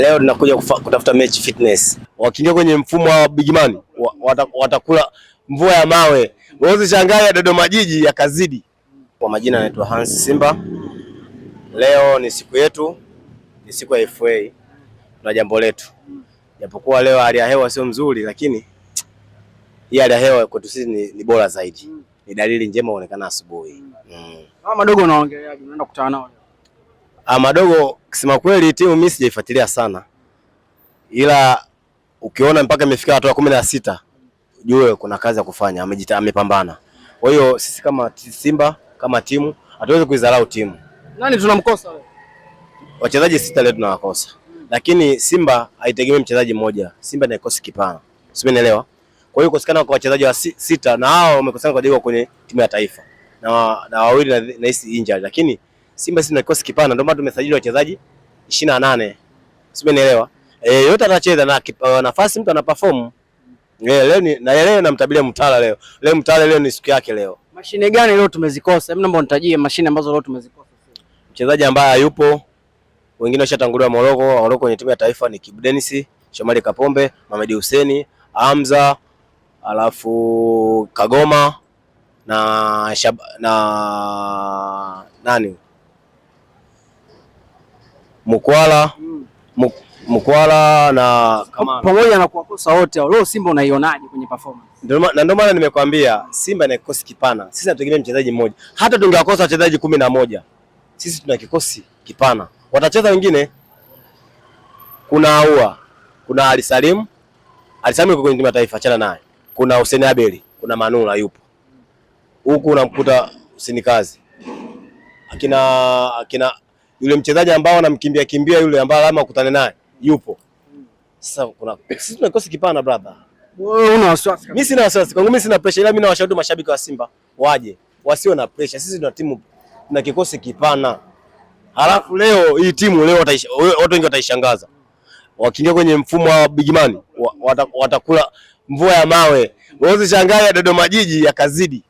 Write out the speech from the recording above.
leo tunakuja kutafuta mechi fitness. Wakiingia kwenye mfumo wa Man watakula wata mvua ya mawe. Usishangae Dodoma jiji yakazidi. Kwa majina anaitwa Hans Simba. Leo ni siku yetu, ni siku ya FA. na jambo letu, japokuwa leo hali ya hewa sio mzuri, lakini hii hali ya hewa kwetu sisi ni, ni bora zaidi, ni dalili njema uonekana asubuhi. Mm. Madogo unaongeleaje? Unaenda kukutana nao Ah, madogo, kusema kweli, timu mimi sijaifuatilia sana, ila ukiona mpaka imefika hatua kumi na sita jue kuna kazi ya kufanya, amepambana. Kwa hiyo sisi kama Simba kama timu hatuwezi kuidharau timu. Nani tunamkosa leo? Wachezaji sita leo tunawakosa, lakini Simba haitegemei mchezaji mmoja. Simba ni kikosi kipana, simenielewa? Kwa hiyo kukosekana kwa wachezaji wa sita na hao wamekosana kwa kwenye timu ya taifa na, na wawili na, na injury lakini Simba sisi na kikosi kipana, ndio maana tumesajili wachezaji 28. Simenielewa? Eh, yote anacheza na uh, nafasi mtu anaperform. Yeah, leo ni, na leo namtabiria Mtala leo. Leo Mtala leo ni siku yake leo. Mashine gani leo tumezikosa? Hebu naomba nitajie mashine ambazo leo tumezikosa. Mchezaji ambaye hayupo, wengine washatanguliwa Moroko, Moroko kwenye timu ya taifa ni Kibu Dennis, Shomari Kapombe, Mamedi Huseni, Hamza, alafu Kagoma na Shab, na nani? Mkwala Mkwala mm. na pamoja na kuwakosa wote leo, Simba unaionaje kwenye performance? Na ndio maana nimekwambia Simba ina kikosi kipana, sisi hatutegemei mchezaji mmoja. Hata tungewakosa wachezaji kumi na moja, sisi tuna kikosi kipana. Watacheza wengine, kuna Aua, kuna Ali Salim, Ali Salim yuko kwenye timu ya taifa, achana naye. Kuna Hussein Abeli, kuna Manula yupo huku, unamkuta Hussein Kazi akina akina yule mchezaji ambao anamkimbia kimbia yule ambaye lazima ukutane naye yupo. Sasa kuna sisi tuna kikosi kipana brother. Wewe una wasiwasi? Mimi sina wasiwasi. Kwangu mimi sina pressure ila mimi nawashauri mashabiki wa Simba waje. Wasio na pressure. Sisi tuna timu na kikosi kipana. Halafu leo hii timu leo watu wengi wataishangaza. Wakiingia kwenye mfumo wa Man watakula mvua ya mawe. Wewe usishangae Dodoma jiji yakazidi.